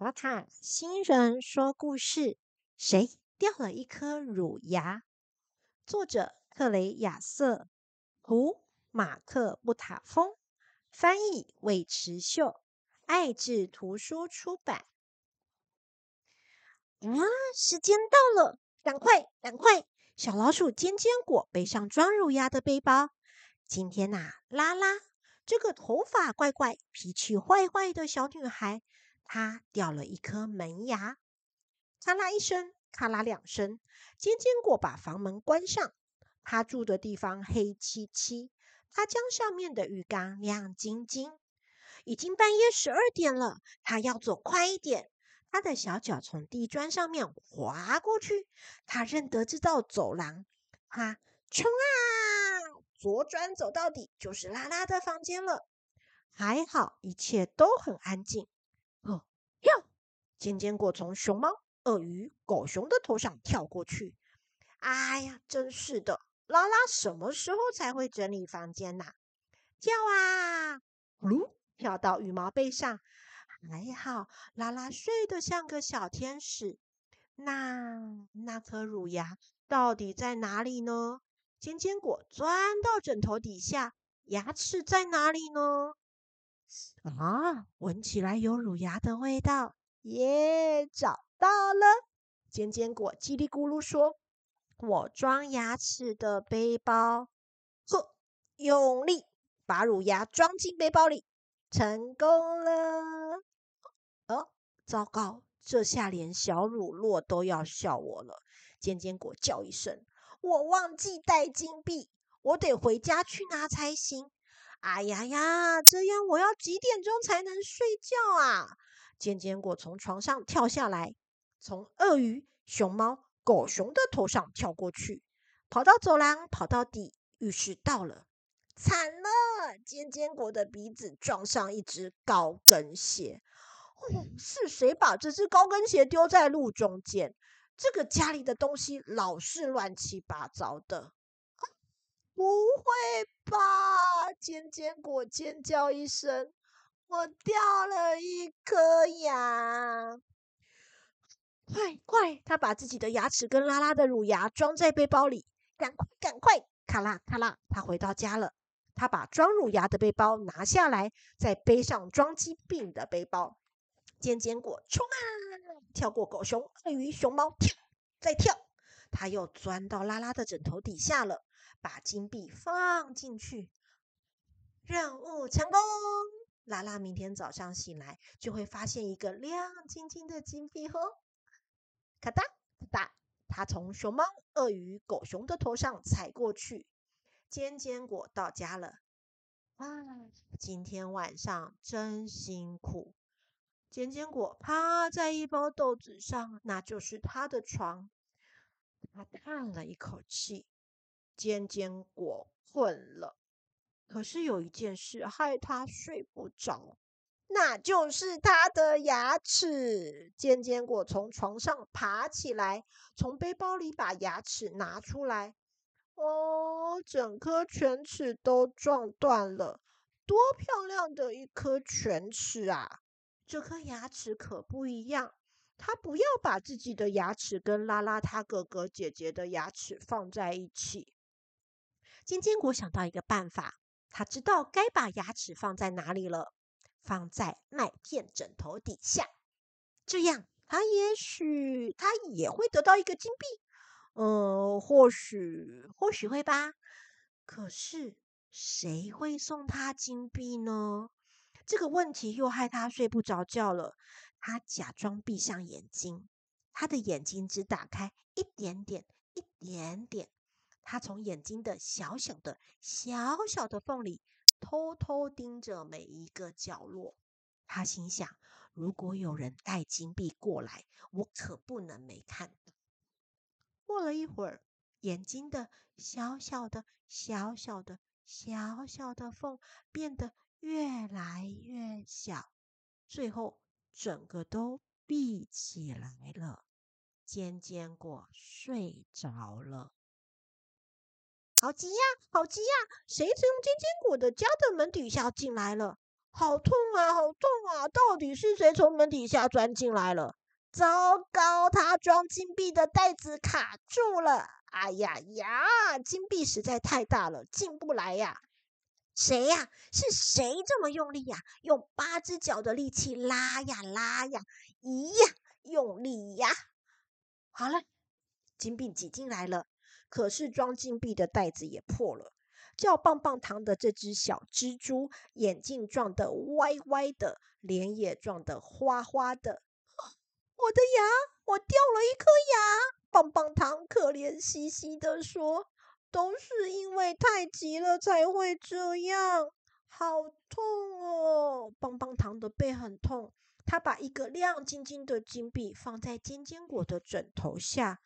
寶塔新人說故事：誰掉了一顆乳牙？作者：克雷亞瑟，圖、哦：馬克布塔豐，翻譯：尉遲秀，愛智圖書出版。啊，時間到了，趕快，趕快，快！小老鼠堅堅果背上裝乳牙的背包。今天吶、啊，拉拉這個頭髮怪怪、脾氣壞壞的小女孩。他掉了一顆門牙，咔啦一聲，咔啦兩聲，堅堅果把房門關上。他住的地方黑漆漆，他將上面的浴缸亮晶晶。已經半夜十二點了，他要走快一點。他的小腳從地磚上面滑過去，他認得這道走廊。他、啊、衝啊，左轉走到底就是拉拉的房間了。還好一切都很安靜。堅堅果從熊貓、鱷魚、狗熊的頭上跳過去。哎呀，真是的！拉拉什麼時候才會整理房間呢、啊？跳啊！嚕、嗯啊，跳到羽毛背上。還好拉拉睡得像個小天使。那那顆乳牙到底在哪裡呢？堅堅果鑽到枕頭底下，牙齒在哪裡呢？啊，聞起來有乳牙的味道。耶、yeah, 找到了，堅堅果嘰里咕嚕說：“我裝牙齒的背包，呵，用力把乳牙裝進背包裡，成功了。”哦，糟糕，這下連小乳酪都要笑我了。堅堅果叫一聲：“我忘記帶金幣，我得回家去拿才行。”哎呀呀，這樣我要幾點鐘才能睡覺啊？尖堅果從床上跳下來，從鱷魚、熊貓、狗熊的頭上跳過去，跑到走廊，跑到底，浴室到了。慘了！尖堅果的鼻子撞上一隻高跟鞋。哦，是誰把這隻高跟鞋丟在路中間？這個家裡的東西老是亂七八糟的。啊，不會吧！尖堅果尖叫一聲。我掉了一顆牙！快，快快！他把自己的牙齒跟拉拉的乳牙裝在背包裡。趕，趕快趕快！咔啦咔啦，他回到家了。他把裝乳牙的背包拿下來，再背上裝金幣的背包。堅堅果，衝啊！跳過狗熊、鱷魚、熊貓，跳再跳。他又鑽到拉拉的枕頭底下了，把金幣放進去。任務成功。拉拉明天早上醒來就會發現一個亮晶晶的金幣盒，咔噠咔嗒，他從熊貓、鱷魚、狗熊的頭上踩過去，堅堅果到家了。哇，今天晚上真辛苦。堅堅果趴在一包豆子上，那就是他的床。他嘆了一口氣，堅堅果困了。可是有一件事害他睡不着，那就是他的牙齒。堅堅果從床上爬起來，從背包裡把牙齒拿出來。哦，整顆犬齒都撞斷了。多漂亮的一顆犬齒啊！這顆牙齒可不一樣。他不要把自己的牙齒跟拉拉他哥哥姐姐的牙齒放在一起。堅堅果想到一個辦法。他知道該把牙齒放在哪裡了，放在麥片枕頭底下。這樣，他也許他也會得到一個金幣。呃，或許或許會吧。可是，誰會送他金幣呢？這個問題又害他睡不着覺了。他假裝閉上眼睛，他的眼睛只打開一點點，一點點。他從眼睛的小小的、小小的縫裡偷偷盯着每一個角落。他心想：如果有人帶金幣過來，我可不能沒看到。過了一會兒，眼睛的小小的、小小的、小小的縫變得越來越小，最後整個都閉起來了。堅堅果睡着了。好急呀、啊，好急呀、啊！誰從堅堅果的家的門底下進來了？好痛啊，好痛啊！到底是誰從門底下鑽進來了？糟糕，他裝金幣的袋子卡住了！哎呀呀，金幣實在太大了，進不來呀！誰呀、啊？是誰這麼用力呀、啊？用八隻腳的力氣拉呀拉呀！咦呀，用力呀！好了，金幣擠進來了。可是裝金幣的袋子也破了。叫棒棒糖的這隻小蜘蛛，眼鏡，撞得歪歪的，臉也撞得花花的。我的牙，我掉了一顆牙。棒棒糖可憐兮兮地說：“都是因為太急了才會這樣，好痛哦！”棒棒糖的背很痛，他把一個亮晶晶的金幣放在堅堅果的枕頭下。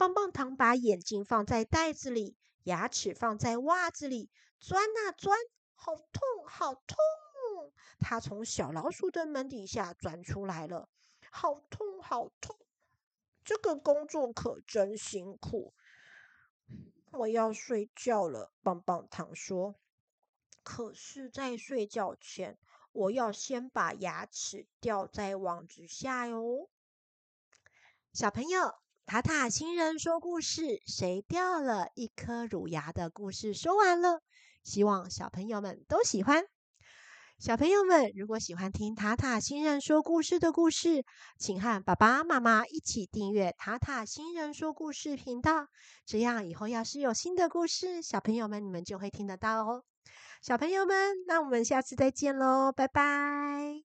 棒棒糖把眼鏡放在袋子裡，牙齒放在襪子裡，鑽啊鑽，好痛好痛！他從小老鼠的門底下鑽出來了，好痛好痛！這個工作可真辛苦，我要睡覺了。棒棒糖說：“可是，在睡覺前，我要先把牙齒吊在網子下喲。”小朋友。塔塔星人說故事：誰掉了一顆乳牙的故事說完了，希望小朋友們都喜歡。小朋友們，如果喜歡聽塔塔星人說故事的故事，請和爸爸媽媽一起訂閱塔塔星人說故事頻道，這樣以後要是有新的故事，小朋友們你們就會聽得到哦。小朋友們，那我們下次再見嘍，拜拜。